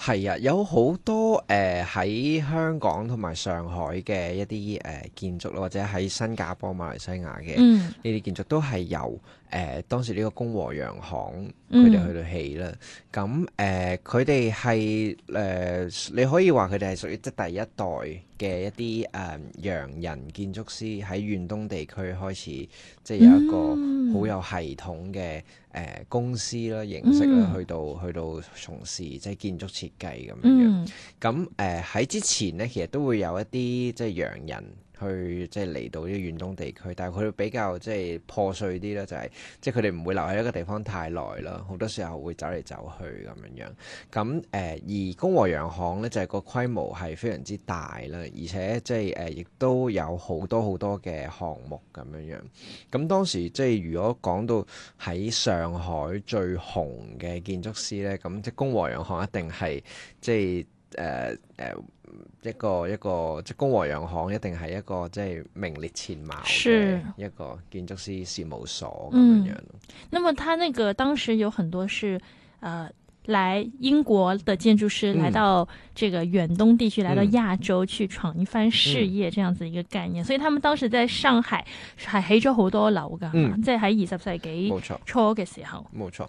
係啊，有好多誒喺、呃、香港同埋上海嘅一啲誒、呃、建築咯，或者喺新加坡、馬來西亞嘅呢啲建築都係由誒、呃、當時呢個公和洋行佢哋去到起啦。咁誒佢哋係誒，你可以話佢哋係屬於即係第一代嘅一啲誒、呃、洋人建築師喺遠東地區開始，即係有一個好有系統嘅。嗯誒、呃、公司啦，形式啦，去到、mm. 去到從事即係建築設計咁樣，咁誒喺之前咧，其實都會有一啲即係洋人。去即係嚟到呢個遠東地區，但係佢比較即係破碎啲啦，就係、是、即係佢哋唔會留喺一個地方太耐啦，好多時候會走嚟走去咁樣樣。咁誒而公和洋行咧就係個規模係非常之大啦，而且即係誒亦都有好多好多嘅項目咁樣樣。咁當時即係如果講到喺上海最紅嘅建築師咧，咁即係公和洋行一定係即係。誒誒、呃呃、一個一個即公和洋行一定係一個即係名列前茅嘅一個建築師事務所。嗯，咁樣。那麼他那個當時有很多是，呃，來英國的建築師來到這個遠東地區，嗯、來到亞洲去闖一番事業，這樣子一個概念。嗯、所以他們當時在上海，喺起咗好多樓噶，即喺二十世紀初嘅時候，冇錯。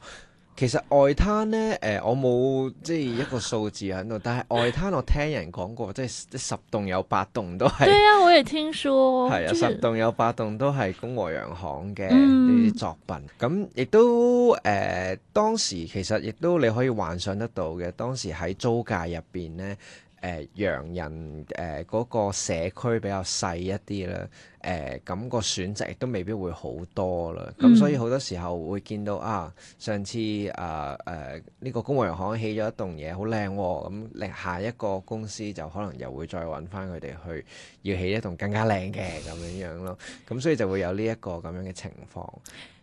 其實外灘咧，誒、呃、我冇即係一個數字喺度，但係外灘我聽人講過， 即係十棟有八棟都係。對啊，我也聽說。係啊，十棟有八棟都係公和洋行嘅啲作品，咁亦 都誒、呃、當時其實亦都你可以幻想得到嘅，當時喺租界入邊咧。呃、洋人誒嗰、呃那個社區比較細一啲啦，誒、呃、咁、那個選擇亦都未必會好多啦，咁、嗯、所以好多時候會見到啊，上次啊誒呢個公和洋行起咗一棟嘢好靚喎，咁、哦、下一個公司就可能又會再揾翻佢哋去要起一棟更加靚嘅咁樣樣咯，咁所以就會有呢一個咁樣嘅情況。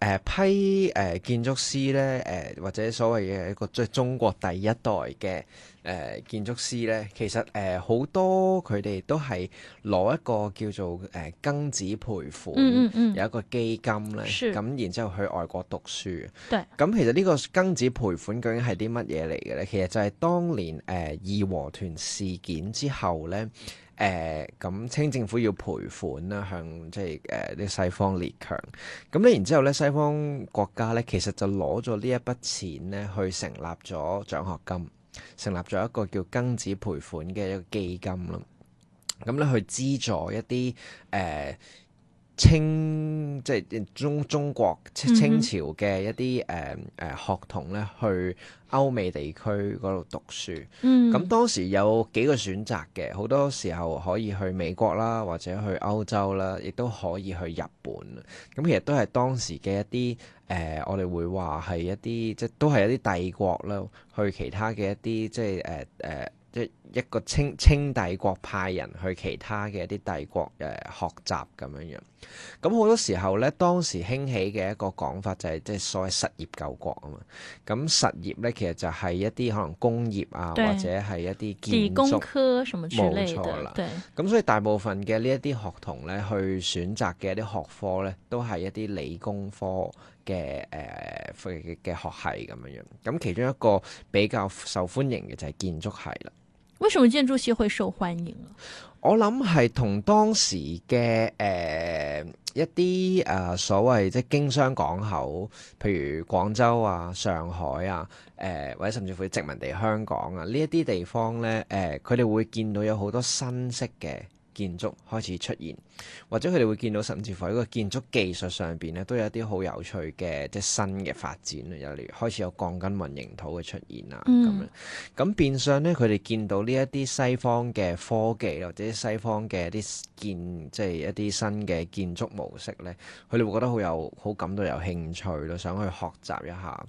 呃、批誒、呃、建築師咧，誒、呃、或者所謂嘅一個即係中國第一代嘅誒、呃、建築師咧，其實誒好、呃、多佢哋都係攞一個叫做誒、呃、庚子賠款，嗯嗯、有一個基金咧，咁是然之後去外國讀書。咁對其實呢個庚子賠款究竟係啲乜嘢嚟嘅咧？其實就係當年誒義、呃、和團事件之後咧。誒咁、呃、清政府要賠款啦，向即係誒啲西方列強。咁咧，然之後咧，西方國家咧，其實就攞咗呢一筆錢咧，去成立咗獎學金，成立咗一個叫庚子賠款嘅一個基金啦。咁咧、嗯，去資助一啲誒。呃清即係中中國清，清朝嘅一啲誒誒學童咧，去歐美地區嗰度讀書。咁、嗯、當時有幾個選擇嘅，好多時候可以去美國啦，或者去歐洲啦，亦都可以去日本。咁其實都係當時嘅一啲誒、呃，我哋會話係一啲即係都係一啲帝國啦，去其他嘅一啲即係誒誒。呃呃一一個清清帝國派人去其他嘅一啲帝國誒學習咁樣樣，咁好多時候咧，當時興起嘅一個講法就係、是、即係所謂實業救國啊嘛。咁實業咧，其實就係一啲可能工業啊，對或者係一啲建工科什麼之類嘅。冇錯啦。咁對所以大部分嘅呢一啲學童咧，去選擇嘅一啲學科咧，都係一啲理工科嘅誒嘅學系咁樣樣。咁其中一個比較受歡迎嘅就係建築系啦。為什麼建築系會受歡迎？我諗係同當時嘅誒、呃、一啲誒、呃、所謂即係經商港口，譬如廣州啊、上海啊，誒或者甚至乎殖民地香港啊呢一啲地方咧，誒佢哋會見到有好多新式嘅。建築開始出現，或者佢哋會見到甚至乎喺個建築技術上邊咧，都有一啲好有趣嘅即係新嘅發展，例如開始有鋼筋混凝土嘅出現啊。咁、嗯、樣。咁變相咧，佢哋見到呢一啲西方嘅科技或者西方嘅一啲建即係一啲新嘅建築模式咧，佢哋會覺得好有好感到有興趣咯，想去學習一下。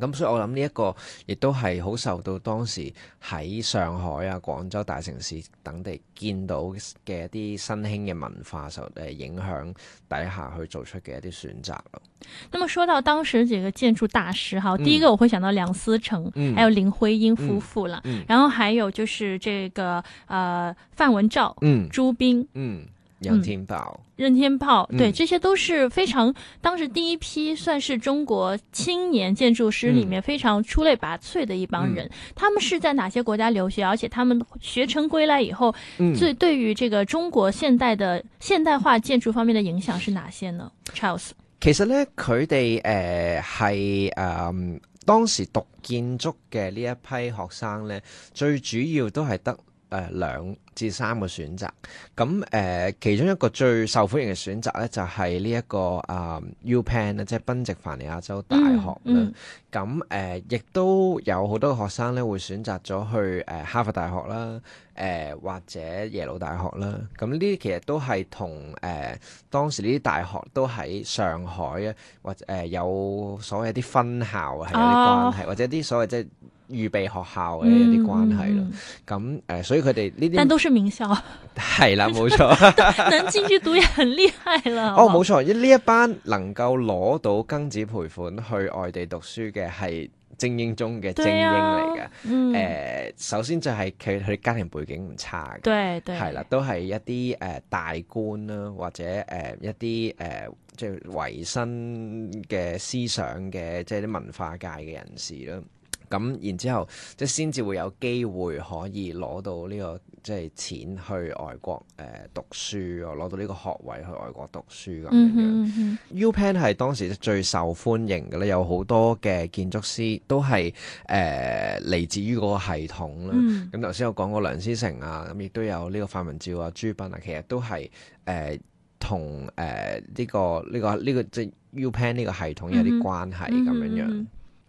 咁、嗯、所以，我諗呢一個亦都係好受到當時喺上海啊、廣州大城市等地見到嘅一啲新興嘅文化受誒影響底下去做出嘅一啲選擇咯。咁啊，說到當時幾個建築大師，哈，第一個我會想到梁思成，嗯，還有林徽因夫婦啦、嗯，嗯，然後還有就是這個，呃，范文照、嗯濱嗯，嗯，朱彬，嗯。楊廷寶、嗯、楊廷寶。對、嗯，這些都是非常當時第一批算是中國青年建築師裏面非常出類拔萃的一幫人。嗯嗯、他們是在哪些國家留學？而且他們學成歸來以後，最、嗯、對於這個中國現代的現代化建築方面的影響是哪些呢？Charles，其實呢，佢哋誒係誒當時讀建築嘅呢一批學生咧，最主要都係得。誒，兩、呃、至三個選擇，咁、嗯、誒、呃，其中一個最受歡迎嘅選擇咧，就係呢一個啊、呃、U Penn 即係賓夕凡尼亞州大學啦。咁誒、嗯，亦、嗯嗯、都有好多學生咧，會選擇咗去誒、呃、哈佛大學啦，誒、呃、或者耶魯大學啦。咁呢啲其實都係同誒當時呢啲大學都喺上海啊，或者誒、呃、有所謂一啲分校係有啲關係，或者啲所謂即係。預備學校嘅一啲關係咯，咁誒、嗯呃，所以佢哋呢啲但都算名校，係啦，冇錯， 能進去讀嘢，很厲害啦。哦，冇錯、哦，呢一班能夠攞到庚子賠款去外地讀書嘅係精英中嘅精英嚟嘅。誒、嗯呃，首先就係佢佢哋家庭背景唔差嘅，係啦，都係一啲誒、呃、大官啦、啊，或者誒、呃、一啲誒、呃、即係維新嘅思想嘅，即係啲文化界嘅人士啦。咁然之後，即係先至會有機會可以攞到呢、這個即係錢去外國誒、呃、讀書，攞到呢個學位去外國讀書咁樣樣。Mm hmm. U Pen 係當時最受歡迎嘅咧，有好多嘅建築師都係誒嚟自於嗰個系統啦。咁頭先我講過梁思成啊，咁亦都有呢個范文照啊、朱彬啊，其實都係誒同誒呢個呢、這個呢、這個、這個、即係 U Pen 呢個系統有啲關係咁樣樣。Mm hmm.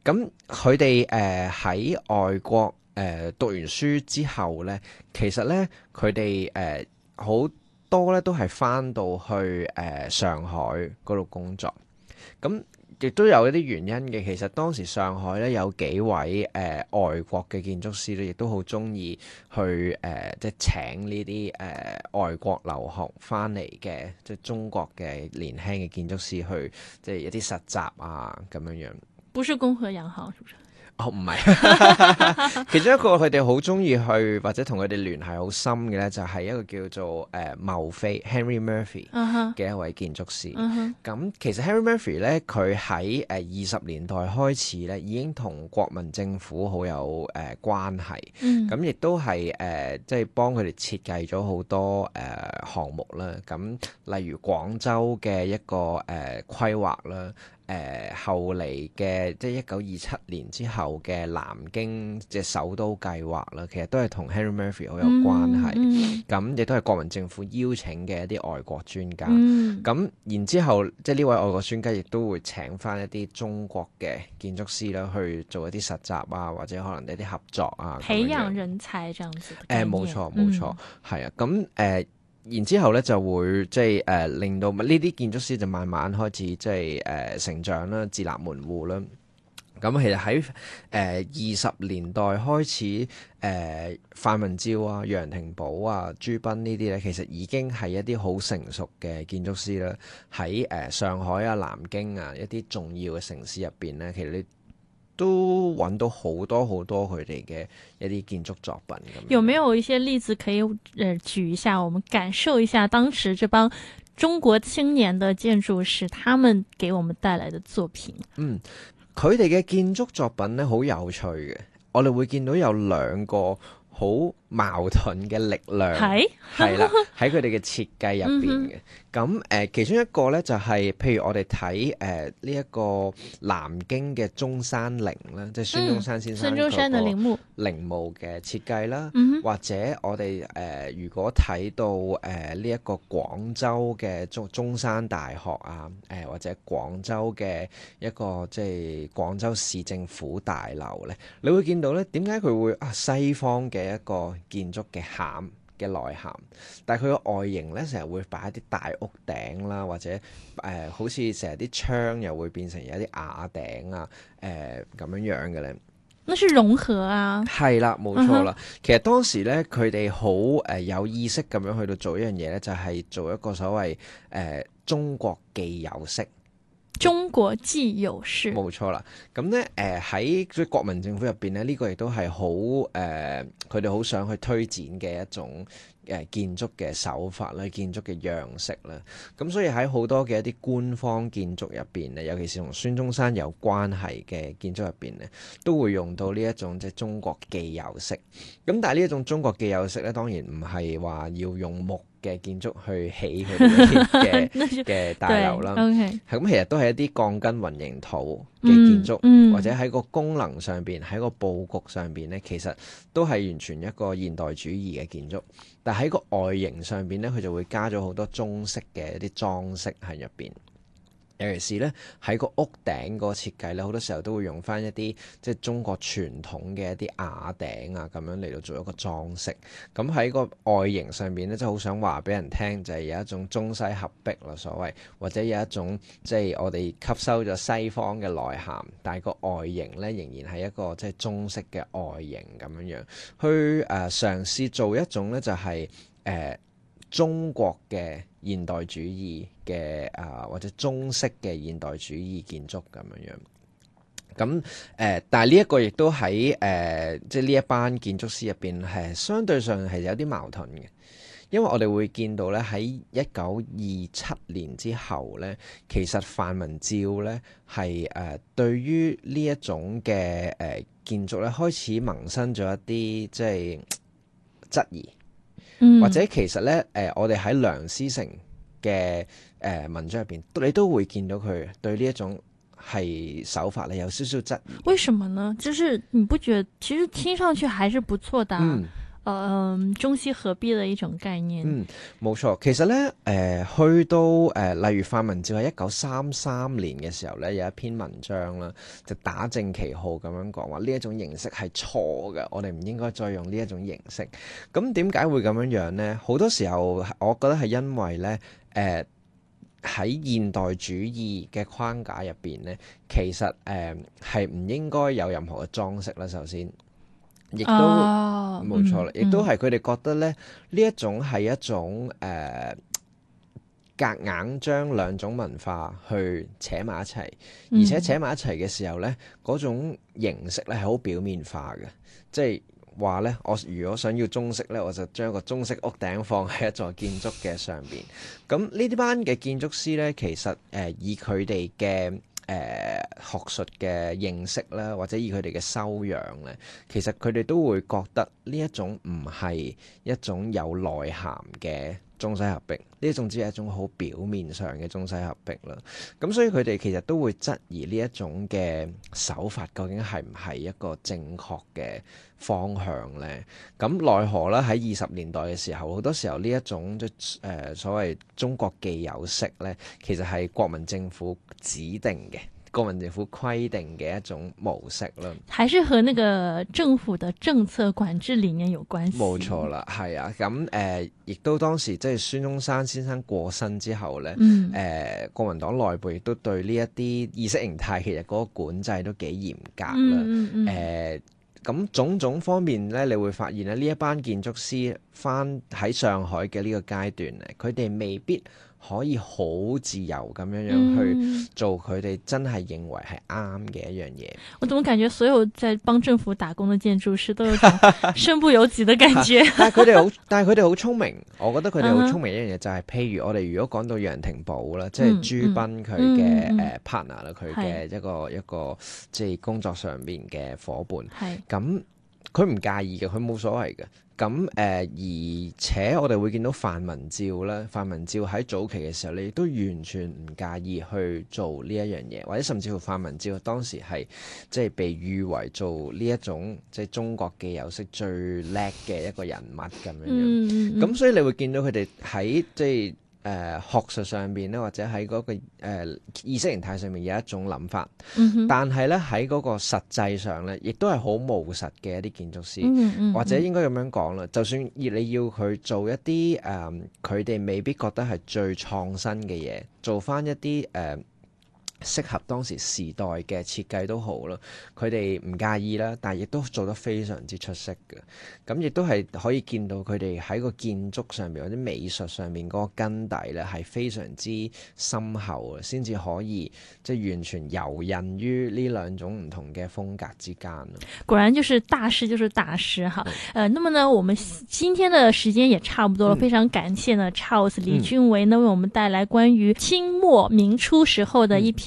咁佢哋誒喺外國誒、呃、讀完書之後咧，其實咧佢哋誒好多咧都係翻到去誒、呃、上海嗰度工作。咁、嗯、亦都有一啲原因嘅。其實當時上海咧有幾位誒、呃、外國嘅建築師咧，亦都好中意去誒即係請呢啲誒外國留學翻嚟嘅即係中國嘅年輕嘅建築師去即係、就是、一啲實習啊咁樣樣。不是公和洋行，是不是？哦，唔係， 其中一個佢哋好中意去或者同佢哋聯繫好深嘅咧，就係、是、一個叫做誒、呃、茂菲 Henry Murphy 嘅、uh huh. 一位建築師。咁、uh huh. 其實 Henry Murphy 咧，佢喺誒二十年代開始咧，已經同國民政府好有誒、呃、關係。咁亦、uh huh. 都係誒，即係幫佢哋設計咗好多誒項、呃、目啦。咁例如廣州嘅一個誒、呃、規劃啦。誒、呃、後嚟嘅即係一九二七年之後嘅南京嘅首都計劃啦，其實都係同 Henry Murphy 好有關係。咁亦都係國民政府邀請嘅一啲外國專家。咁、嗯、然之後，即係呢位外國專家亦都會請翻一啲中國嘅建築師啦，去做一啲實習啊，或者可能一啲合作啊。培養人才，冇錯冇錯，係、嗯、啊。咁、呃、誒。然之後咧就會即係誒令到呢啲建築師就慢慢開始即係誒成長啦、自立門戶啦。咁其實喺誒二十年代開始，誒、呃、范文照啊、楊廷寶啊、朱彬呢啲咧，其實已經係一啲好成熟嘅建築師啦。喺誒、呃、上海啊、南京啊一啲重要嘅城市入邊咧，其實你都揾到好多好多佢哋嘅一啲建築作品咁。有沒有一些例子可以，誒、呃，舉一下，我們感受一下當時這幫中國青年的建築師，他們給我們帶來的作品。嗯，佢哋嘅建築作品咧好有趣嘅，我哋會見到有兩個好。矛盾嘅力量係係啦，喺佢哋嘅設計入邊嘅。咁誒、 嗯哼呃，其中一個咧就係、是，譬如我哋睇誒呢一個南京嘅中山陵啦，即係孫中山先生、嗯、孫中山嘅陵墓陵墓嘅設計啦。或者我哋誒、呃，如果睇到誒呢一個廣州嘅中中山大學啊，誒、呃、或者廣州嘅一個即係廣州市政府大樓咧，你會見到咧點解佢會啊西方嘅一個。建築嘅涵嘅內涵，但係佢個外形咧，成日會擺一啲大屋頂啦，或者誒、呃，好似成日啲窗又會變成有一啲瓦頂啊，誒、呃、咁樣樣嘅咧。那是融合啊，係啦，冇錯啦。嗯、哼其實當時咧，佢哋好誒有意識咁樣去到做一樣嘢咧，就係、是、做一個所謂誒、呃、中國既有式。中國既有式，冇錯啦。咁咧，誒喺即國民政府入邊咧，呢個亦都係好誒，佢哋好想去推展嘅一種誒建築嘅手法啦，建築嘅樣式啦。咁所以喺好多嘅一啲官方建築入邊咧，尤其是同孫中山有關係嘅建築入邊咧，都會用到呢一種即係中國既有式。咁但係呢一種中國既有式咧，當然唔係話要用木嘅建築去起佢哋嘅嘅大樓啦，咁 okay 其實都係一啲鋼筋混凝土嘅建築，嗯嗯、或者喺個功能上邊，喺個佈局上邊咧，其實都係完全一個現代主義嘅建築，但喺個外形上邊咧，佢就會加咗好多中式嘅一啲裝飾喺入邊。尤其是咧喺個屋頂個設計咧，好多時候都會用翻一啲即係中國傳統嘅一啲瓦頂啊，咁樣嚟到做一個裝飾。咁喺個外形上面咧，即係好想話俾人聽，就係、是、有一種中西合璧咯，所謂或者有一種即係我哋吸收咗西方嘅內涵，但係個外形咧仍然係一個即係中式嘅外形咁樣樣，去、呃、誒嘗試做一種咧就係、是、誒、呃、中國嘅。現代主義嘅啊、呃，或者中式嘅現代主義建築咁樣樣，咁誒，但係呢一個亦都喺誒、呃，即係呢一班建築師入邊係相對上係有啲矛盾嘅，因為我哋會見到咧喺一九二七年之後咧，其實范文照咧係誒對於呢一種嘅誒、呃、建築咧開始萌生咗一啲即係質疑。或者其實咧，誒、呃、我哋喺梁思成嘅誒、呃、文章入邊，你都會見到佢對呢一種係手法嘅有少少質疑。為什麼呢？就是你不覺其實聽上去還是不錯的。嗯嗯、哦，中西合璧嘅一種概念。嗯，冇錯。其實咧，誒、呃、去到誒、呃，例如范文照喺一九三三年嘅時候咧，有一篇文章啦，就打正旗號咁樣講話呢一種形式係錯嘅，我哋唔應該再用呢一種形式。咁點解會咁樣樣咧？好多時候，我覺得係因為咧，誒、呃、喺現代主義嘅框架入邊咧，其實誒係唔應該有任何嘅裝飾啦。首先。亦都冇、啊、錯啦，嗯、亦都係佢哋覺得咧，呢、嗯、一種係一種誒，夾硬將兩種文化去扯埋一齊，而且扯埋一齊嘅時候咧，嗰、嗯、種形式咧係好表面化嘅，即係話咧，我如果想要中式咧，我就將一個中式屋頂放喺一座建築嘅上邊。咁呢啲班嘅建築師咧，其實誒、呃、以佢哋嘅。誒學術嘅認識啦，或者以佢哋嘅修養咧，其實佢哋都會覺得呢一種唔係一種有內涵嘅。中西合璧呢種只係一種好表面上嘅中西合璧啦，咁所以佢哋其實都會質疑呢一種嘅手法究竟係唔係一個正確嘅方向咧？咁奈何啦，喺二十年代嘅時候，好多時候呢一種即係、呃、所謂中國既有式咧，其實係國民政府指定嘅。國民政府規定嘅一種模式啦，還是和那個政府的政策管制理念有關係？冇錯啦，係啊。咁誒、呃，亦都當時即係孫中山先生過身之後咧，誒、嗯呃，國民黨內部亦都對呢一啲意識形態其實嗰個管制都幾嚴格啦。誒、嗯嗯嗯，咁、呃、種種方面咧，你會發現咧，呢一班建築師翻喺上海嘅呢個階段咧，佢哋未必可以好自由咁樣樣去做佢哋真係認為係啱嘅一樣嘢。我總感覺所有在幫政府打工嘅建築師都有身不由己嘅感覺。但係佢哋好，但係佢哋好聰明。我覺得佢哋好聰明一樣嘢、uh huh. 就係，譬如我哋如果講到楊廷寶啦，即係朱斌佢嘅誒 partner 啦、mm，佢、hmm. 嘅一個、mm hmm. 一個即係工作上面嘅伙伴。係咁、mm，佢、hmm. 唔介意嘅，佢冇所謂嘅。咁誒、呃，而且我哋會見到范文照咧，范文照喺早期嘅時候，你都完全唔介意去做呢一樣嘢，或者甚至乎范文照當時係即係被譽為做呢一種即係中國嘅有式最叻嘅一個人物咁樣樣。咁、嗯嗯嗯、所以你會見到佢哋喺即係。誒、呃、學術上邊咧，或者喺嗰、嗰個、呃、意識形態上面有一種諗法，mm hmm. 但係咧喺嗰個實際上咧，亦都係好務實嘅一啲建築師，mm hmm. 或者應該咁樣講啦。就算要你要佢做一啲誒，佢、呃、哋未必覺得係最創新嘅嘢，做翻一啲誒。呃適合當時時代嘅設計都好啦，佢哋唔介意啦，但係亦都做得非常之出色嘅。咁亦都係可以見到佢哋喺個建築上面或者美術上面嗰個根底咧，係非常之深厚啊，先至可以即係、就是、完全遊刃於呢兩種唔同嘅風格之間。果然就是大師就是大師哈。誒、呃，那麼呢，我們今天嘅時間也差不多啦，嗯、非常感謝呢 Charles 黎雋維呢，嗯、為我們帶來關於清末民初時候的一篇。